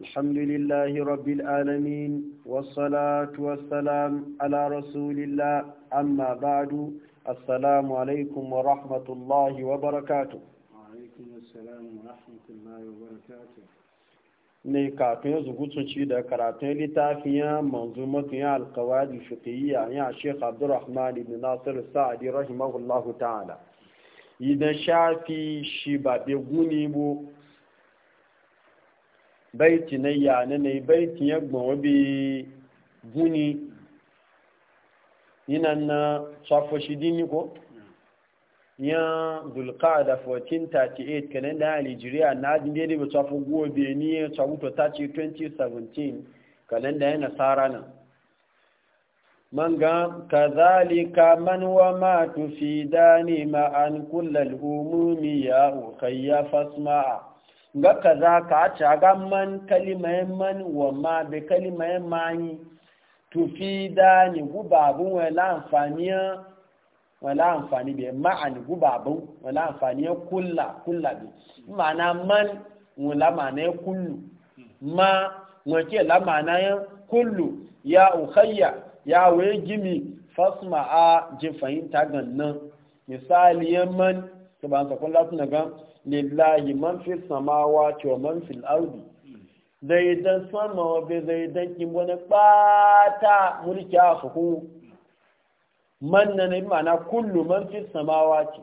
الحمد لله رب العالمين والصلاة والسلام على رسول الله أما بعد السلام عليكم ورحمة الله وبركاته وعليكم السلام ورحمة الله وبركاته ne kafin zugutunci da karatun littafiyan manzumatun alkawadi fiqhiyya ya Sheikh abdurrahman ibn Nasir sa'adi rahimahullahu ta'ala idan shafi shi ba be guni bu baiti na ya na ne baiti ya gbọn wabi guni yana na tsofa shi dini ko ya zulqada 1438 kanan da aljiriya na jin ne ba tsafo Guwa ni ya tsabuto ta ce 2017 kanan da yana nasara nan man ga kazalika man wa ma tufidani ma an kullal umumi ya ukayya fasma'a ga kaza ka ci ga man kalimayen man wa ma bi kalimayen yi. tufi da ni gubabun wala amfani wala amfani bi guba gubabun wala amfani kulla kulla bi ma'ana man wala ma'ana kullu ma lama la ma'ana kullu ya ukhayya ya waye gimi fasma'a jin fahimta gannan misali man ta ban sakon latin gan lillahi man fi samawati wa man fil ardi zai sama wa bai zai dan kin wani bata mulki a suku man na ne mana kullu man fi samawati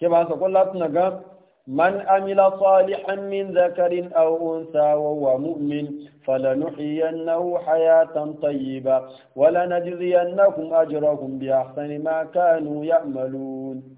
ke ba su kullu tuna ga man amila salihan min zakarin aw unsa wa huwa mu'min فلنحيينه حياة طيبة ولنجزينهم أجرهم بأحسن ما كانوا يعملون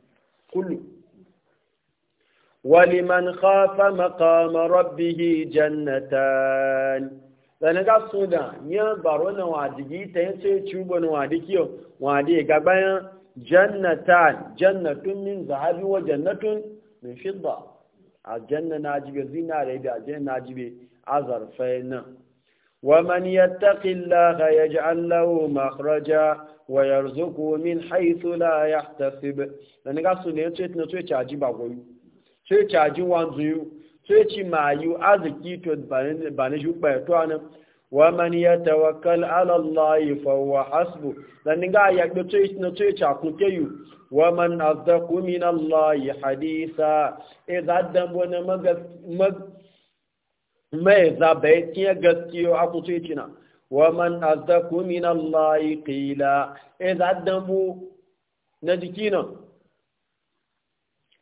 kullu waliman khafa maqama rabbihi jannatan sanin ga su da baro na wadigi ta yin sai cubo na wadikiyo wadi ga bayan jannatan jannatun min zahabi wa jannatun min fidda a janna na jibe zina da janna na jibe zarfai nan wa man yattaqillaha yaj'al lahu makhraja wa yarzuqu min haythu la yahtasib dan ga su ne ce na ce caji ba goyi ce caji wan zuyu ce ci mayu aziki to ba ne juba to anan wa man yatawakkal ala allah fa huwa hasbu dan ga ya ga ce na ce ca ku ke yu wa man azdaqu min allah hadisa idan e dan bona maga mai e zabe tiya gaskiyo aku ce na. Wamana asaku min Allah yi ƙila, damu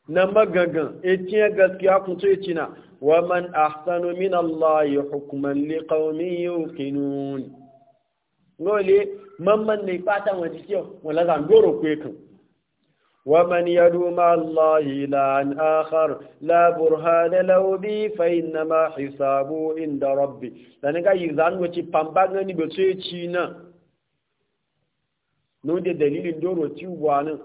na ma gangan, gaskiya kunsu ya cina, wamana asanu min Allah ya hukumalli ƙawamin ya Mamman na ya faɗa wa zan boro kube kan. ومن يدعو مع الله لا عن آخر لا برهان له بي فإنما حسابه عند ربي لأنك يزان وشي بامبانغني بسيتشينا نودي دليل دورو تيوانا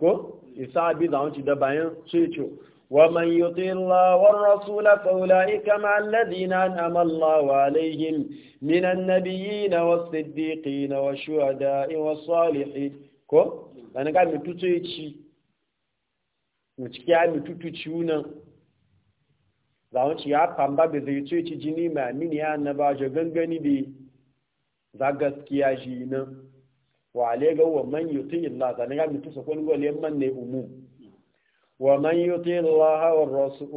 ko isa bi da wanci da bayan sai ce ومن يطع الله والرسول فأولئك مع الذين أنعم الله عليهم من النبيين والصديقين والشهداء والصالحين ko bani ga mi tutu ci mu ciki ya mi tutu ci unan za mu ci ya pamba be zai tutu ci jini ma mini ya na ba jo gangani bi za gaskiya shi nan wa ale ga wa man yuti illa za ni ga mi tutu ko ngo le man ne umu wa man yuti Allah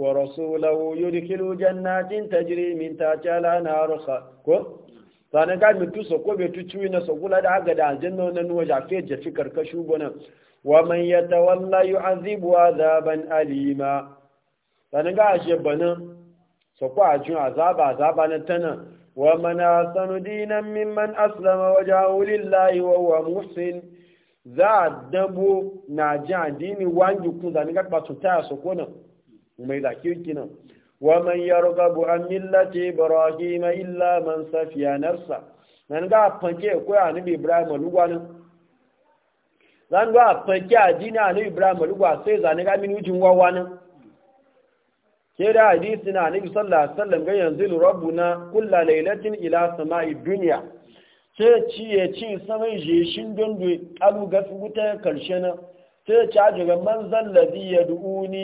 wa rasulahu yudkhilu jannatin tajri min tahtiha al-anhar ko sana ga mi so ko betu ciwi na sokula da aga da aljanna na nuwa ja fe ja fi karkashu gona wa man yatawalla yu'azibu azaban alima sana ga ashe bana a ajun azaba azaba na tana wa man asanu dinan mimman aslama wajahu lillahi wa huwa muhsin za dabu na ji adini wangi kun zani ga patuta ko na mai da kirki ومن يرغب عن ملة إبراهيم إلا من سفي نفسه nan ga fanke koya annabi Ibrahim lugwa nan zan ga fanke addini annabi Ibrahim lugwa sai zane ga min wujin wawa nan ke da hadisi na annabi sallallahu alaihi wasallam ga yanzu rabbuna kullu lailatin ila sama'i dunya sai ci ya ci saman jeshin dondo alu ga wuta karshe nan sai ci man ya du'uni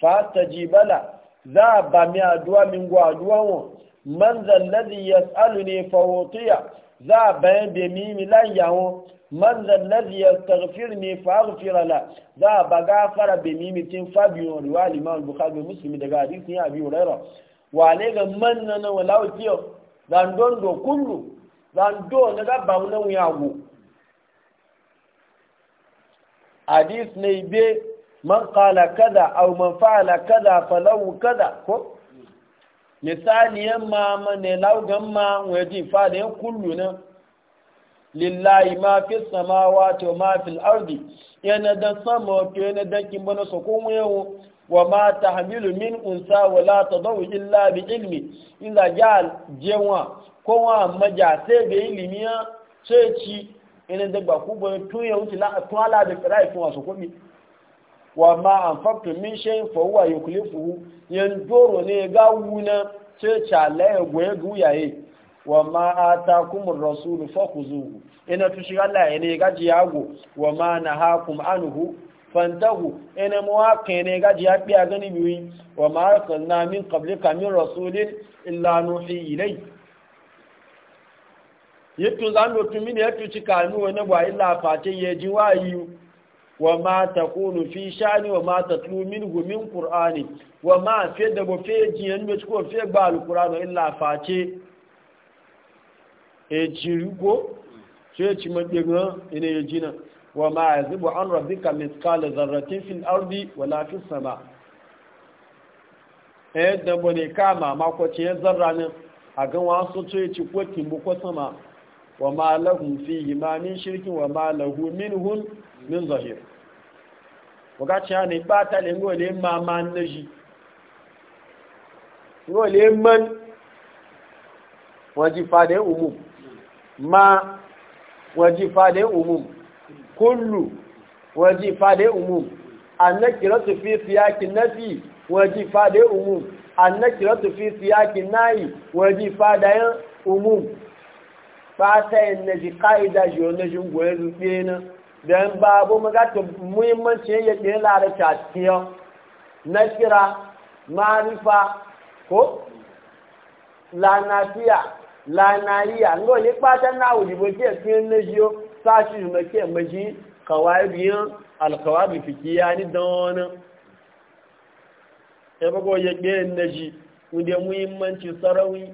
fa tajibala za a ba mi aduwa min gwa aduwa wọn man zallazi ya tsalu ne fawotiya za a bayan da mi mi lanya wọn man zallazi ya tarfir ne farfirala za a ba gafara da mi mitin fabiyon riwa liman bukari musulmi daga hadisin ya biyu Wa wale ga man na na walawa kiyo zandon do kullu zando na gaba wani wuyago hadis ne be man qala kada aw man fa'ala kaza falahu kada ko misali yamma mane laugan ma waje fada yan kullu na lillahi ma fi samawati wa ma fil ardi yana da sama to yana da kin bana so ko yawo wa ma tahmilu min unsa wa la tadawu illa bi ilmi idza jal jewa ko wa maja sai be ilmiya sai ci yana da ba ku ba tun yawo la to ala da kuma so mi wa ma anfaqtum min shay'in fa huwa yukhlifuhu yanzuru ne ga wuna ce chale gwe guyaye wa ma a atakumur rasul fakhuzuhu ina tushi Allah ne ga jiyago wa ma na ha nahakum anhu fantahu ina muwaqi ne ga jiya biya gani biyi wa ma a arsalna min qablika min rasulin illa nuhi yi yitu zan do tumi ne yitu cikanu wani ba illa ji yeji yi. wama ta kunu fi shani ma ta tlu minhu min qur'ani ma fi da bo fi jiyan be ko fi ba alqur'ani illa fati e jirgo ce ci ma de ga ina ye jina wama yazibu an rabbika mithqala dharratin fil ardi wala fis sama e da bo ne kama ma ko ce zarra ne a gan wa so ce ci ko timbo ko sama ma lahum fi ma min wa ma lahum minhum min zahir wakaci hana ba ta le ngo le ma ma naji ngo le man waji fade umum ma waji fade umum kullu waji fade umum annakiratu fi siyakin nafi waji fade umum annakiratu fi siyakin nayi waji fadayan umum fata yin naji ka'ida shi wani shi goyen rufe na don babu magata muhimmanci ya ɗin larabci a na kira marifa ko lanafiya lanariya ngo yi patan na wujibo ke fiye na jiyo sashi make maji kawai biyan kawabi fikiya yani don wani e go ye ɗin na ji wunde muhimmanci sarawi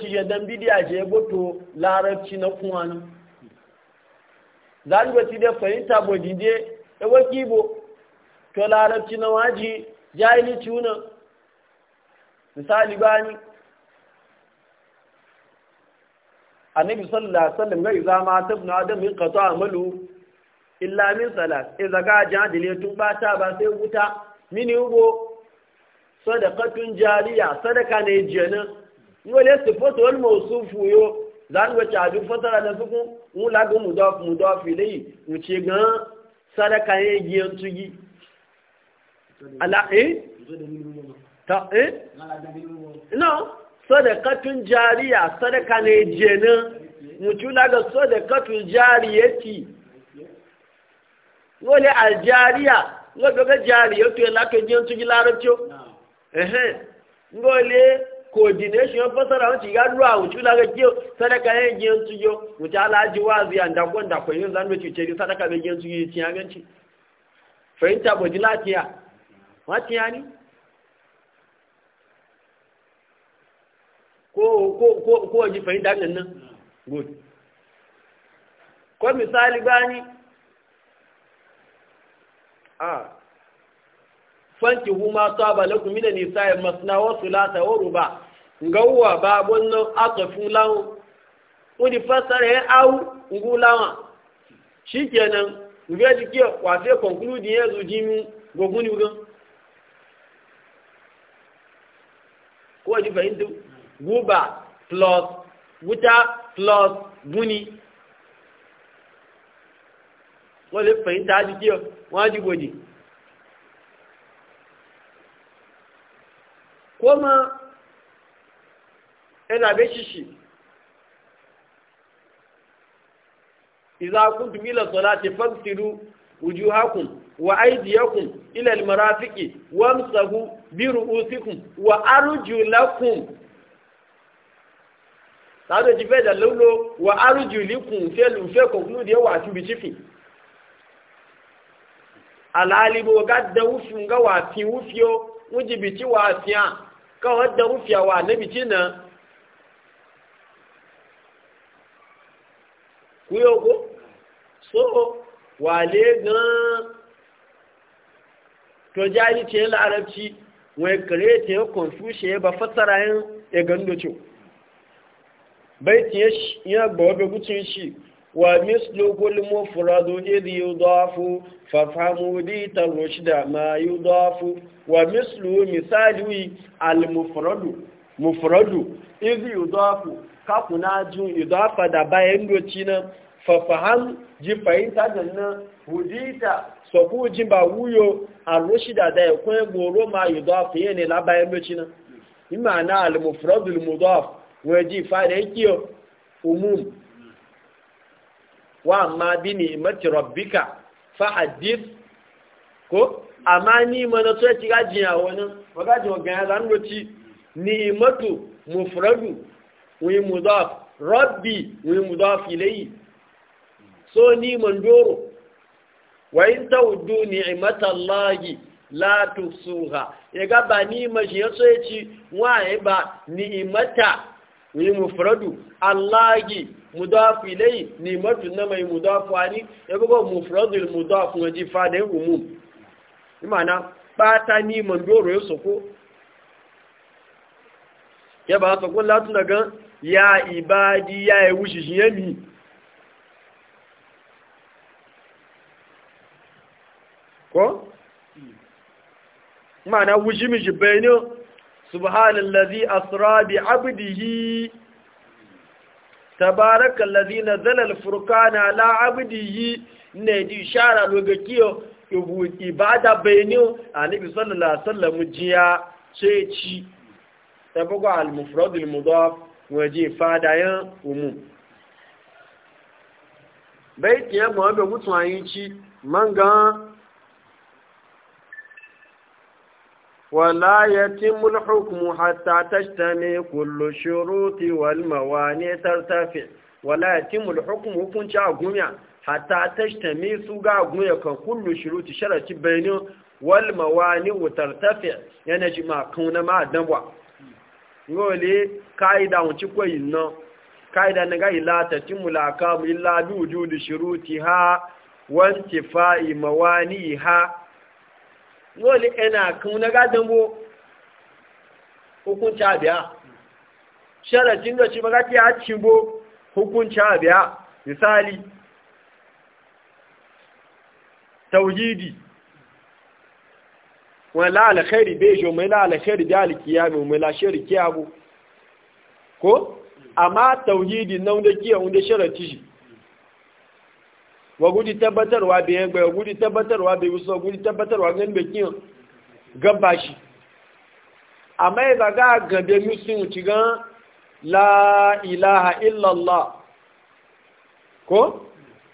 ci je dan bidiya je boto larabci na kuwa za ni ba da fahimta ba dide Ya e waki bo to larabci na waji jahili tuna misali bani annabi sallallahu alaihi wasallam gai za ma tabna adam in kato a illa min salat idza e ga jadile tun ba ta ba sai wuta mini ugo sadaqatun jariya sadaka ne jana yau ne sifotu wal masu fuyo zanu wace abin fasara na suku mu lagu mu da mu da filai mu ci gan sadaka ne giyan tugi ala e ta eh no sadakatun jariya sadaka ne jena mu ci laga sadakatun jariyati wole aljariya ngo ga jariyatu la ke giyan tugi larabcio eh eh ngole coordination fasara wanci ya ruwa wuce ga kiyo sadaka ya yi yin tuyo wuce alhaji wazi a dakon da yin zan wuce ce sadaka bai su yi ci yanganci fahimta ji latiya wa ya ni ko ko ko ko ji fahimta nan nan good ko misali bani ah fanki huma saba lakum min nisa'i masna wa thulatha wa ruba ngawa ba nan aka fulan wani fasara ya au ngulawa shikenan ngwe dike wa fe conclude yanzu jimi goguni ugan ko ji fahimtu guba plus wuta plus guni wọ́n lè fẹ̀yìntà koma ina be shishi idza kuntum ila salati fagsilu wujuhakum wa aydiyakum ila almarafiqi wamsahu bi ru'usikum wa arjulakum sáàdọ̀ ti fẹ́ ìdàlólo wà árùjù líkùn fẹ́ lù fẹ́ kọ̀kúlùdí ẹwà àti bìtífì alálìbò gádẹ wúfin gáwà fi wúfíó wújìbìtí wà fi wafiya. kawar da rufiyawa na Ku yi kuyoko so wale gan to jari ce larabci wai kare ta yi konfushe ba fassara yin ya gando ce bai tiye shi ya gbawa bai gucin shi ومثل كل مفرد إذ يضاف فافهموا ديت الرشد ما يضاف ومثل مثال المفرد مفرد إذ يضاف كاكونا جون إضافة دباين روتينا جفاين تجنن wa ma bi ni'imati rabbika fa ko amma ni mana so ci gaji ya wani magaji wa ganya zan ci, ni'imatu mufradu wi mudaf rabbi wi mudaf ilayhi so ni man doro wa in tawdu ni'imata allahi la tusuha ya ga ba ni ma shi ya so ya ci wa ba ni'imata ni mufradu allahi mudafu ilayhi ni matu na mai mudafu ani ya bugo mufradu il mudafu na ji fa da umum imana bata ni man doro ya soko ya ba soko la tun daga ya ibadi ya yi wushi shi yami ko mana wushi mi jibe subhanallazi asra bi abdihi na nazala Furkana la abdihi ne di shara lokaciyo ibada bayinu annabi sallallahu alaihi wasallam jiya sai ci tabago al-mufrad al-mudaf waje fadayan umum baitiyan mu abe mutuwayin ci man gan ولا يتم الحكم حتى تجتمي كل الشروط والموانع ترتفع ولا يتم الحكم حكم جاغوميا حتى تجتمع سوغاغوميا كان كل الشروط شرط بين والموانع ترتفع يعني جماعة كون ما دنبوا ngole kaida wunci koyi no kaida na gai la ta timul akam illa bi wujudi shurutiha wa intifai mawaniha yole ina kan na gadan bo hukunci abiya sharatin da shi ba gati ya cimbo hukunci abiya misali tauhidi wọn láàlẹ̀ kẹrì bẹ́ẹ̀ṣọ́ mọ́ láàlẹ̀ kẹrì bí alìkìyàmì mọ́ láṣẹ́rì kí a bú ko amma tauhidi na wunde kiya, wunde sharatin shi wa gudi tabbatarwa bai yagba wa gudi tabbatarwa bai wusa gudi tabbatarwa gan bai kiyan gaba shi amma ya e ga gabe musulun ci gan la ilaha illallah ko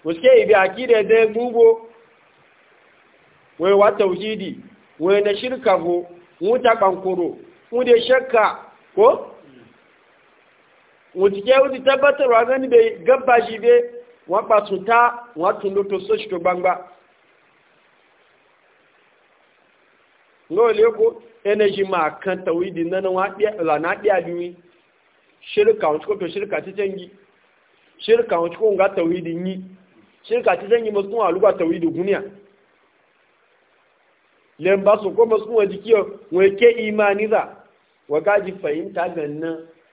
wuske ibi akida da gugo wai wa tauhidi wai na shirka go wuta kankuro wude shakka ko wuce wuce tabbatarwa gan bai gaba shi bai wọ́n pàtún tá wọ́n tún ló tó sóṣù tó gbangba lóòlé kó ẹnẹ́jì máa kan tàwí ìdí nánà wọn lànà àpí àdúrí ṣírìkà wọn tí kò títẹ́ yìí ṣírìkà wọn tí kò ń ìdí yìí ṣírìkà títẹ́ yìí mọ̀ sún àlúgbà tàwí ìdí gúnìyà lẹ́mbà sọ̀kọ́ mọ̀ sún wọn jikí wọn ké ìmá níza wọ́n gáàjì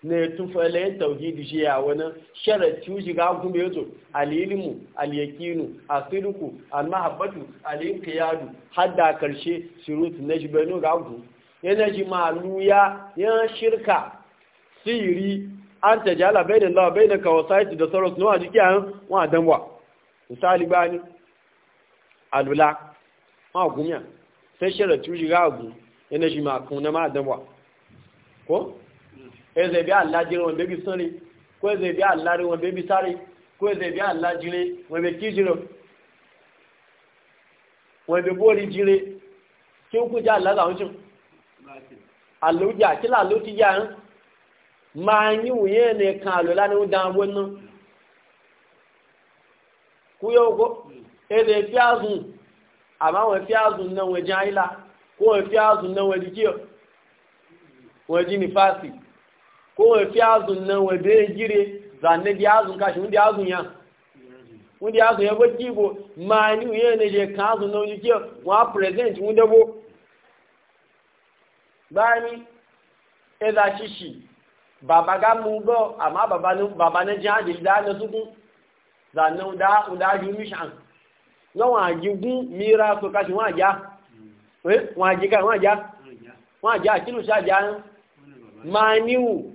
ne tufalayen tauhidi shi ya wani sharatu ga kuma yato alilimu alyakinu asiruku almahabbatu alinqiyadu hadda karshe shurut najbanu ga ku yana ji maluya ya shirka siri an tajala bayin Allah bayin ka wasaiti da saros no ajiki an wa danwa misali bani alula ma gumiya sai sharatu ga ku yana ji ma kun na ma danwa ko ẹzẹ̀ bí alájẹrẹ wọn bẹ́bí sọ́ni kó ẹzẹ̀ bí aláre wọn bẹ́bí sáré kó ẹzẹ̀ bí alájẹrẹ wọn bẹ́ kí jùlọ wọn bẹ́ bóri jire kí ó kú jẹ́ alága wọn jù àlójà kí làló ti yá ń máa ń yíwò yẹn nìkan àlọ́ lánàá ó dáná wọn náà kúyọ́ ogó ẹzẹ̀ bí azùn àmọ́ àwọn ẹ̀fí azùn náà wọ́n jẹ́ àyílá kó ẹ̀fí azùn náà wọ́n di kí wọ́n jí ní fásitì. ko wa fi azun nan wa bai gire zanne bi azun kashi wanda azun ya wanda azun ya ba kibo ma ni uye ne je kan azun na wani kiyo wa present wanda bo bani e shishi baba ga mu go amma baba ne baba ne ji hadi da na suku zanne da da ju mi shan no wa jigun mira so kashi wa ja hmm. eh wa jiga wa ja wa ja kilu sha ja ma niu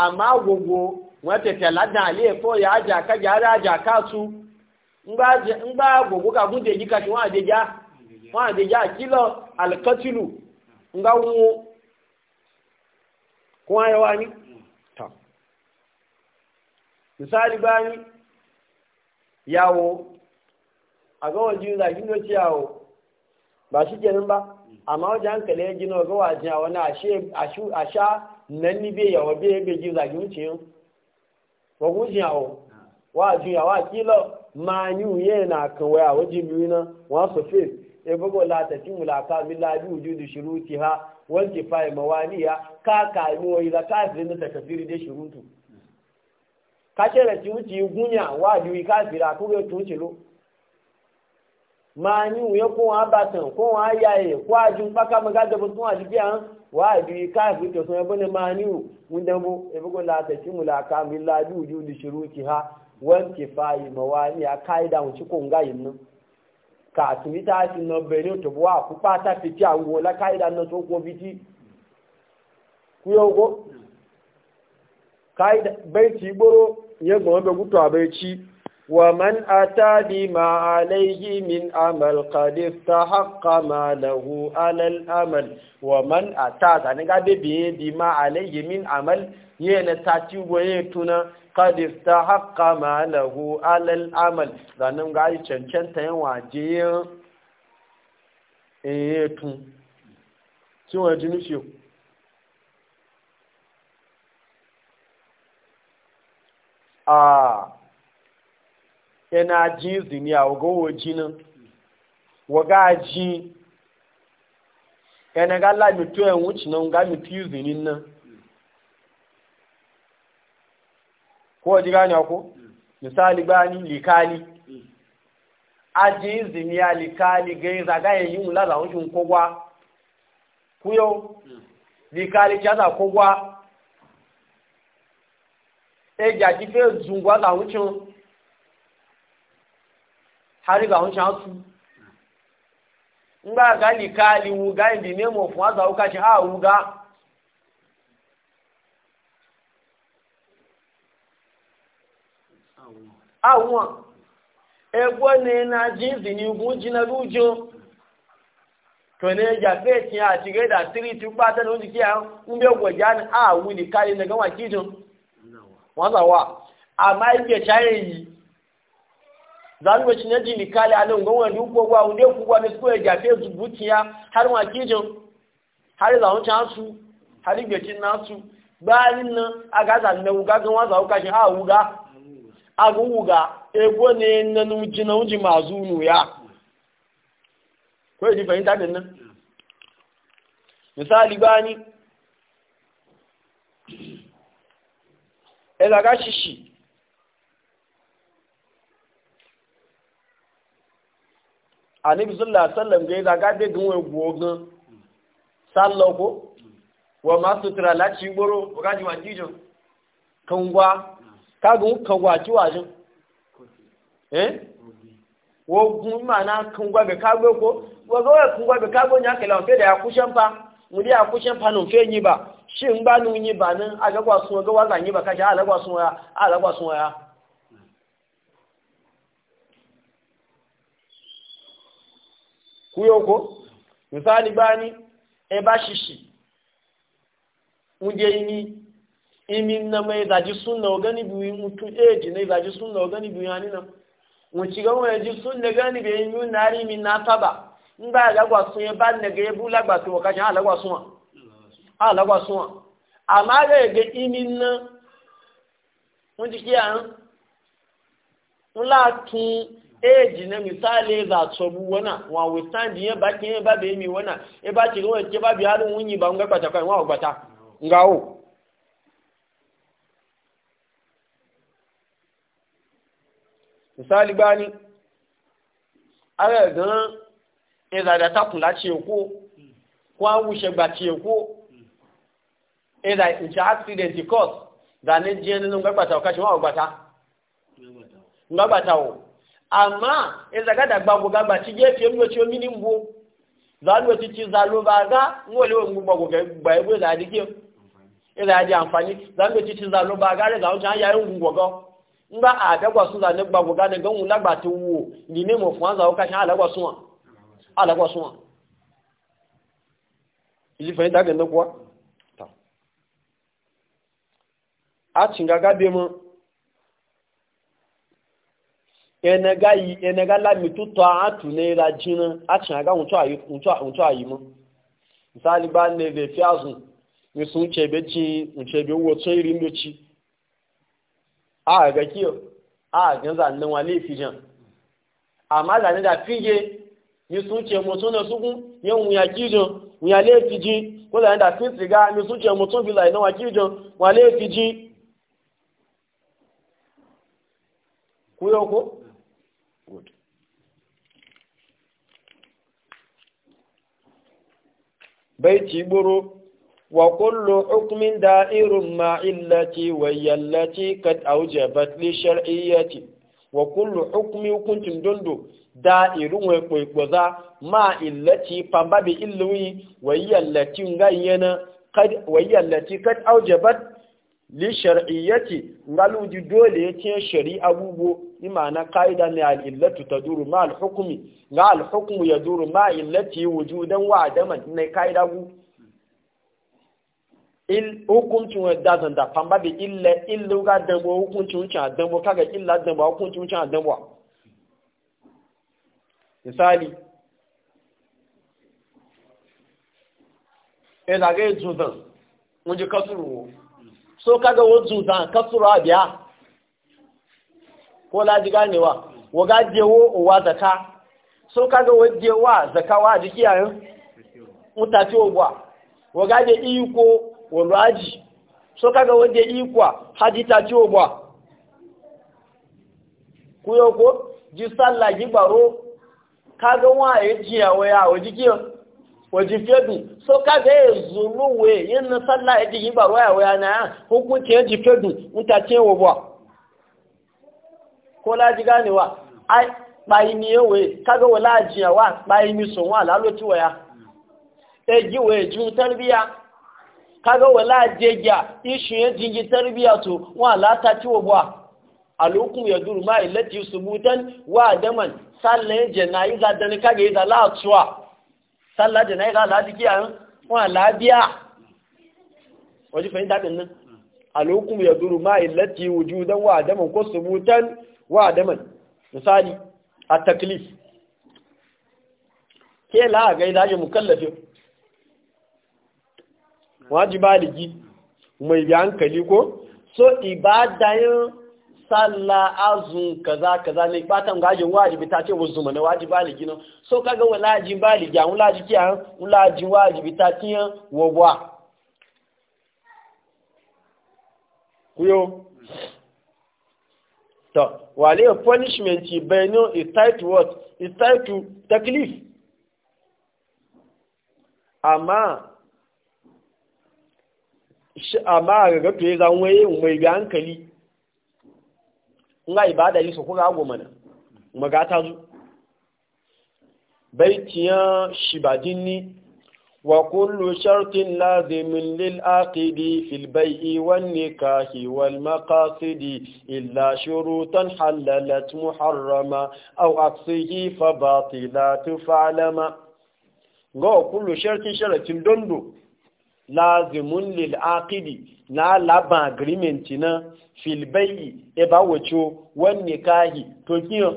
amma gogo wata talada ale ko ya ja ka ja ra ja ka su ngba ngba gogo ka gunde ji ka shi wa de ja wa de ja kilo al qatilu nga wu ko ayo ta misali bani yawo aga waji da kin do yawo ba shi kenan ba amma wajen hankali ya gina ga wajen wani ashe nan ni bai yawa bai bai ji zagi wuce yin wa guji yawo wa juya wa kila ma ni uye na kan waya waje biyu na wa su fe e bugo la ta ti mulaka min la bi wujudu shurutiha wal ni mawaniya ka ka mu wai da ka da takfiri da shurutu ka ce da ti gunya wa juyi kafira ko ga tuce lo máa ní òun yẹn kó wọn abàtàn kó wọn aya ẹ kó àjù pákámọgá jẹbọ tó wọn àdìbí ka wà á di káàkiri tẹsán ẹbọ wu. máa ní òun dẹbọ ko la tẹsí mu la ká mi la bí òdi òdi ti ha wọn ti fa ìmọ wa ní aká ìdá òun tí kò ń gá yìí nù kàtúwí tá a ti nà ní wa kó pátá fi tí àwọn wọlé ká ìdá nà tó kó bi tí Ku kó ká ìdá bẹ́ẹ̀ tí gbóró yẹ gbọ́n bẹ́ẹ̀ kú tí. ومن أتى بما عليه من أمل قد استحق ما له على الأمل ومن أتى بما عليه من أمل ينتاتي ويتنا قد استحق ما له على الأمل لأنهم قاعد يتشنشن تنواجين يتن شو يجنشيو آه yana ji ziniya wa gowa jinin wa ga ji yana ga lamitu yan wuce nan ga mitu zinin nan ko ji gani ko misali bani likali a ji ziniya likali gai zaga yayi yi mula zawun shin kogwa kuyo likali jaza kogwa e ja ti fe zungwa zawun shin har ga hun shansu in ga kali wuga in bi nemo a wuga àwọn ẹgbọ́ na jíǹsì ni ogun jína lójú tọ̀nà ẹjà fẹ́ẹ̀tì àti rẹ́dà tírí tí ó bá tẹ́lẹ̀ oúnjẹ kí a ń bẹ́ ọgbọ̀já ní àwọn ìkàlẹ̀ nìkan wà kíjọ wọ́n sàwà àmá ìgbẹ̀ ṣáyẹ̀ yìí zanu ba cinye ji likali a nan gwamnati ko gwa wunde ku gwa ne ko ya jafe zubutiya har ma kijin har za mu su har gbecin nasu bayanin nan a gaza na wuga gan wa za ka shi a wuga a gun wuga ego ne na nuji na uji mazu nu ya ko yi fahimta din nan misali bani e ga shishi anabi sallallahu alaihi wasallam ga za ga de gun egwo gan wa ma sutra la ci ga ji wa jijo kangwa ka gun kangwa ci wa eh wo gun ma kangwa be ka ko wo ga wa kangwa be ka nya kele fe da pa mu di akushen fe yi ba shin ba nu yi ba nan ga wa yi ba ka ja alagwa sun ya alagwa sun ya kuyoko misali bani e ba shishi unje ini imi na mai zaji sunna ogani biyu mutu eji na zaji sunna ogani biyu ani na Mun ci ga won eji sunna gani be yu na ri mi na taba ngba lagwa sun ba ne ga ebu lagba to ka sha lagwa sun a lagwa sun ama ga ga imi na mun ji ki an nla tun eji na misali za tsobu wana wa withstand ye ba kin ba be mi wana e ba ti ro ke ba bi halu munyi ba nga kwata kwai wa gbata ngawo misali bani ara gan e za da takun la ti oko ko awu se gba ti oko e za in cha accident cause da ne je nínú gbàgbàtà ọ̀ká ṣe wọ́n ọ̀gbàtà ngbàgbàtà ọ̀ amma in zaga da gbago gaba ci gefe yin wace mini mbo za ni wace ci zalo ba ga ngole wa mbo gbago gba ego za di ke ila di amfani za ni wace ci zalo ba ga da wuce ya yin gungo ga ngba a da gwa sun za ni gbago ga ne ga un lagba ti wo ni ne mo fun za o ka sha alagwa sun alagwa sun ili fa da ga ndo kwa ta a cinga ga be mu ẹnẹgá yìí ẹnẹgá a tó tọ àtúnlẹ́ra jiná àtúnagá ǹtọ́ àyímọ́ ayi ní ilẹ̀ fi àzùn nìsún ìṣẹ̀bẹ̀ tí ìṣẹ̀bẹ̀ owó tó ìrìn lóchi ààgẹ́ kí ààgẹ́nsà ní wọn lè fi jàn àmà ìdánidà fíye nìsún ìṣẹ̀mọ̀ tó náà súnkún yẹn wùn fi fi بيتي برو وكل حكم دائر مع علتي وهي التي قد أوجبت لشرعيتي وكل حكم كنت دندو دائر وكوكوزا مع علتي فمبابي إلوي وهي التي غينا قد وهي التي قد أوجبت li shar'iyyati ngaluji dole yace shari'a abubo imana kaida ne al-illatu taduru ma al-hukmi ga al-hukmu yaduru ma illati wujudan wa adaman ne kaida gu il hukuncin wa zan da famba da illa illu ga dambo hukuncin wucin dambo kaga illa dambo hukuncin wucin dambo misali ila ga zuzan mun ji kasuru so kaga wazu zan kasura biya ko laji ganewa wa gajewo uwa zaka so kaga wajewa zaka wa jiki yayin mutaci ogwa wa je iko wa laji so kaga waje ikwa haji taci ogwa kuyo ko ji sallah gibaro kaga wa yaji e yawo yawo jiki wajifedu so kaga ya zuluwe yin na sallah ya jigi ba waya waya na ya hukunci ya jifedu mutace wa ba ko laji ganewa ai bayi ni yawe kaga wala ajiya wa bayi ni so wa laloci waya eji wa ju tarbiya kaga wala ajeja isu ya jingi tarbiya to wa lata ci wa ba alukun ya duru ma ilati subutan wa adaman sallah jana'iza dan ga ya da latuwa sallah da naira alhaji kiya wa labiya waje fahimta din nan alhukum ya duru ma illati wujudan wa adaman ko subutan wa adaman misali a taklif ke la ga idaje mukallafi wajibaligi mai bi hankali ko so ibadayin salla azun kaza kaza ne batan gajin wajibi ta ce wuzu mana wajibi baligi nan so kaga walaji baligi an walaji kiyan walaji wajibi ta ce wabwa kuyo to wale punishment bayno is tied to what is tied to taklif amma amma ga ga to ya zanwaye mai ga hankali nga ibada yi su kuka agwo mana magata zu baitiyan shibadinni wa kullu shartin lazimin lil aqidi fil bai'i wan nikahi wal maqasidi illa shurutan halalat muharrama aw aqsihi fa batilatu fa'lama ga kullu shartin sharatin dondo lazimun lil aqidi na laban agreement na fil bayi e ba wocho wan nikahi to kiyo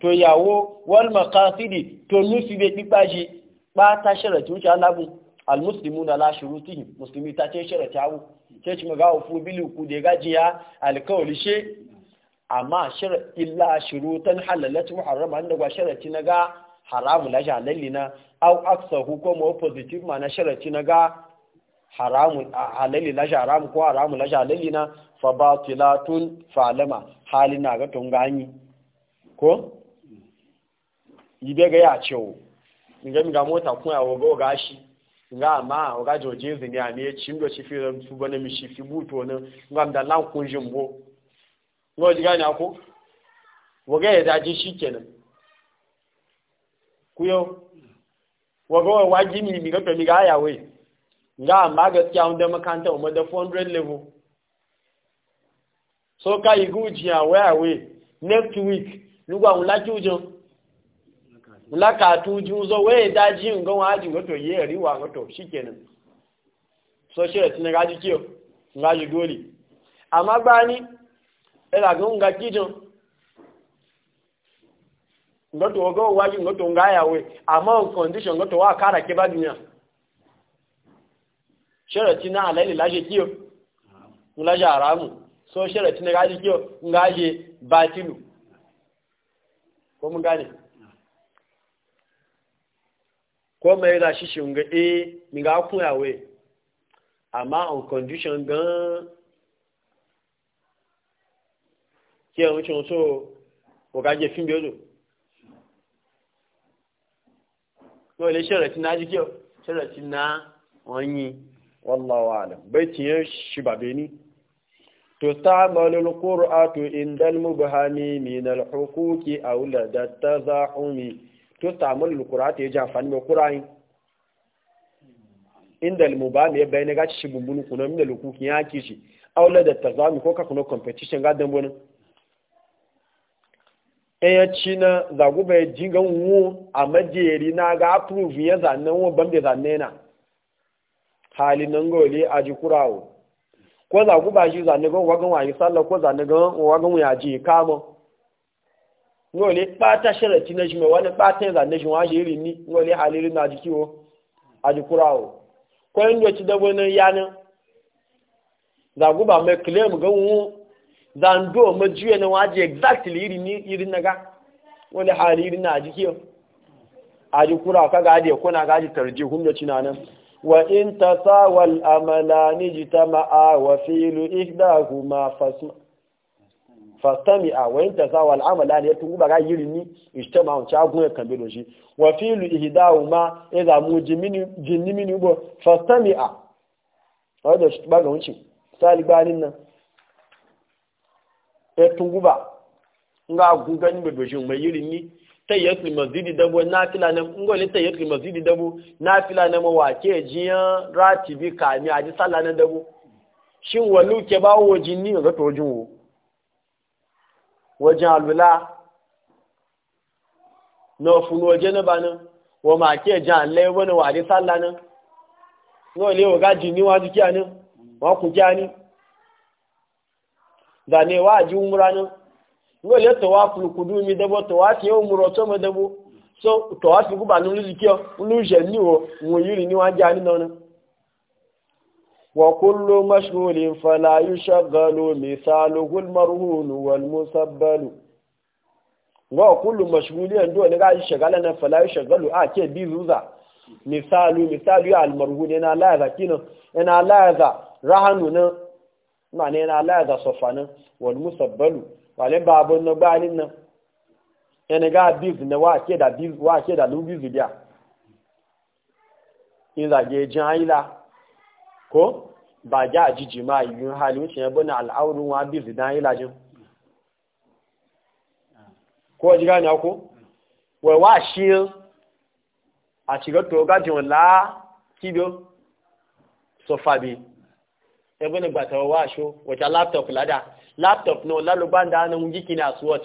to yawo wal maqasidi to nusi be dipaji ba ta sharati cha labu al muslimuna la shurutihi muslimi ta ce sharati awu che ci magawo fu bilu ku de gajiya al kawli she amma shar illa shurutan halalat muharrama inda gwa sharati na ga haramu la jalalina na au aksahu ko mo positive ma na sharati na ga haramun halalli lashe haramu ko haramun lashe halalli na fa batilatun falama halin na ga tungani ko ibe ga ya cewo inga mi ga mota kun ya wogo ga shi nga ma oga joje zini a ne chindo chi fi su bana mi shi fi buto ne nga da lan kun jimbo ngo ji gani ako woga ya da shi shikenan. kuyo wogo wa jini mi ga to mi ga ya we ga amma gaskiya wanda makaranta umar da 400 level so ka yi gujiya waya we next week nígbà wọn láti ujọ lákàtú jú zo wẹ́ẹ̀ dájí nǹkan wọn ájì ngọ́tọ̀ yé ẹ̀rí wà ngọ́tọ̀ ṣíkẹ̀nà so ṣe ẹ̀tí ní rájú kíọ̀ rájú góòlì àmá gbá ní ẹlàgún nga kíjọ ngọ́tọ̀ ọgọ́ wájú ngọ́tọ̀ ngáyàwó àmọ́ condition wa wà kára kẹbàdìyàn sharati na halali lashe kiyo mu lashe haramu so sharati na gaji kiyo ngaje batilu ko mun gane ko mai da shi shi nga eh mi ga ku yawe amma on condition gan ki en chon so o gaje fin bi odo ko le sharati na ji kiyo sharati na wọ́n wallahu alam baiti ya shi ba bene to ta malul qur'atu indal mubhami min al huquqi aw la tatazahumi to ta malul qur'atu ya ja fani mai qur'ani indal mubhami ya bayyana ga shi bumbun kuna min al ya ki shi aw la tatazahumi ko ka competition ga dan bonin eh, ya ci na zagu bai jingan wu a majeri na ga approve ya zanne wu bambe hali nan gole a ji kurawo ko za ku ba shi zane gan wagan wayi sallah ko zane gan wagan ya ji kama ngole pata sharati na jime wani pata zane shi wa jiri ni ngole haliri na ji kiwo a ji kurawo ko yin ci da wani yanin za ku ba mai claim gan wu zando ma juye na waje exactly iri ni iri na ga wani haliri na ji kiwo a ji kurawo kaga ade kuna ga ji tarjihun cinanan وإن تساوى الأملان اجتمعا وفيل إحداهما فاسمع فاستمع وإن تساوى الأملان يتوب بقى يرني اجتمع وشاكوه كبيروشي وفيل إحداهما إذا مو جني من يبو فاستمع هذا شتبقى ونشي سالبانينا يتوب بقى nga gugan da dojin mai yirin ni tayyatul masjidi dabo nafila nan in gole tayyatul masjidi dabo nafila nan ma wake jiyan ratibi kami a ji sallah nan dabo shin walu ke ba wo jinni ga to wajen alula na funu waje na ba nan wa ma ke jan lai wani wa ji sallah nan no le wa ga jinni wa dukiya wa ku ni da ne wa ji umra nan wele tọwafù kudu mi dẹ́bọ́ tọwafù yẹn òmùrọ̀ tó mọ dẹ́bọ́ so kúbà ní kí ọ olùsẹ̀ ní o wọn yìí ní wọn àníná ni. وكل مشغول فلا يشغل مثاله المرهون والمسبل wa kullu mashghuliyan do ne gaji shagala na fala shagalu a bi zuza misalu misalu al marhun yana la za kino yana la za na yana la za sofana wal wale ba abun na gbalin na yana ga abuse na wa ke da abuse wa ke da lubizu biya in zage jin haila ko ba ja a jiji ma yi hali wuce yabo na al'aurin wa abuse dan ila jo? ko ji ga ko wai wa shi a shiga to gajin la kibiyo sofabi ebe ni gbatawa wa sho wata laptop lada laptop no laluban da hannun jiki na as what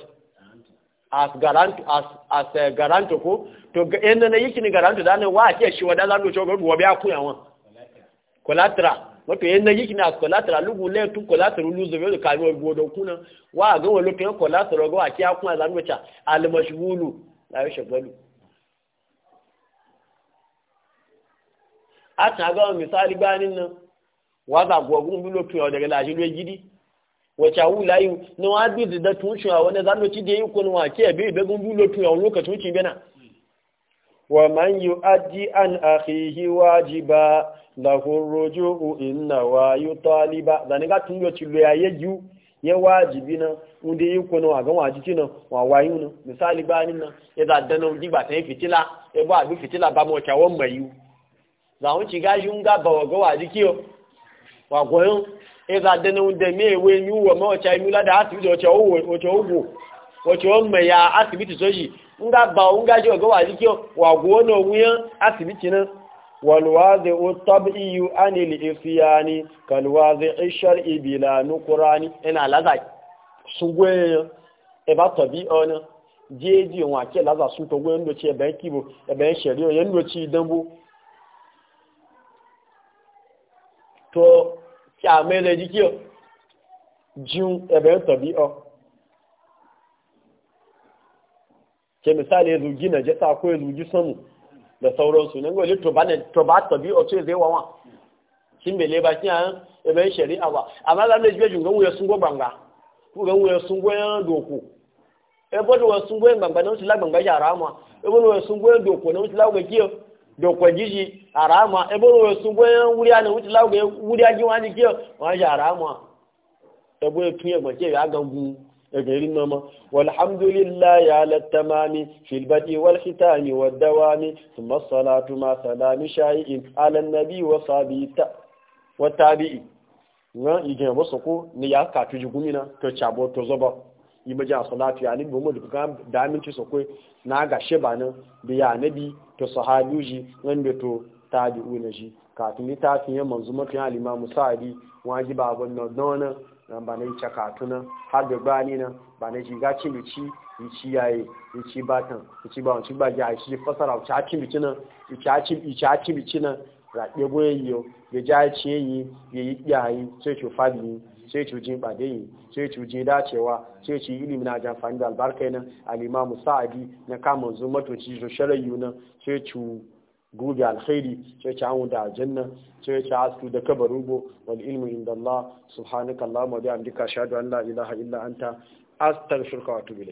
as garant as as eh, garant ko to yanda na yiki ni garant da hannun wa ke shi wada lanu chogo gogo biya ku yawan collateral wato yanda yiki na as lu bu le tu collateral lu be ka go do kuna wa ga walo pe collateral go akiya kuma lanu cha al mashghulu la yashghulu a ta ga misali gbanin na wa go gogun bi lo tu o de la ji lo gidi wacce awu layu na wa bi da tun shi a wani zanu ci da yin kun wa ke bi da gungun bulo tun yawon lokacin ci bena wa man yu'addi an akhihi wajiba lahu ruju'u inna wa yutaliba zani ga tun yo ci lo yaye ju ye wajibi na unde yin kun wa ga wajibi na wa wayu na misali ba nin na ya da dana uji ba tan fitila e ba bi fitila ba mo kyawon mayu zawon ci ga yun ga ba wa ga wajibi yo wa goyon eza dana wunda me ewe yi wa mawacha imula da asibiti wace ogo wace o mai ya asibiti soji nga ba nga ji oga wazi wa guwa na wuyan asibiti nan walwazi utabiyu anil ifiyani kalwazi ishar ibila nukurani ina laza sugwe e ba tabi ona jeji ke laza to ben kibo to kyamai da jin ebe tabi o ke misali ya zugi na jeta ko ya zugi samu da sauransu nan gwale to ba tabi o ce zai wawa shin bele ba shi yan ebe shari'a ba amma a mu jibe jungan wuya sun go banga ko gan wuya sun go yan doko ebe da wuya sun go yan banga nan su la banga jara ma ebe da wuya sun go yan doko nan su la ga da kwajiji harama eboro wasu goyon wuriya na wuce lagos wuriya ji wani kiyo wani harama ebo ya tuye ke ya gangu ya gari mama walhamdulillah ya lattamami filbati wal hitami wa dawami thumma salatu ma salami shayi'in ala nabi wa sabita wa tabi'i na ijin wasu ko ne ya katuji gumina to chabo to zoba yi maji a salatu ya nabi muhammadu ka damin ci sakwai na ga sheba nan ya nabi ta sahabi ji wanda to ta bi tabi'u na shi kafin littafin yin manzu mafi halima musa'adi wajiba wannan nonan na ba na yi ca katunan har da bani na ba na jiga cin bici yi ci yaye yi ci batan yi ci bawon ci ba ya shi fasara ci a cin nan yi ci a cin bici nan raɗe goyayyo ya ja ci yayi ya yi yayi sai ce fadi sai cujin badayi sai cujin dacewa sai ci ilimi na jamfani da albarkai nan alimamu sa'adi na kama zu matoci zo sharayu nan sai cu gobe alkhairi sai ci da aljanna sai ci da kabarin go wal ilmu inda Allah subhanaka Allahumma wa bihamdika an la ilaha illa anta astaghfiruka wa atubu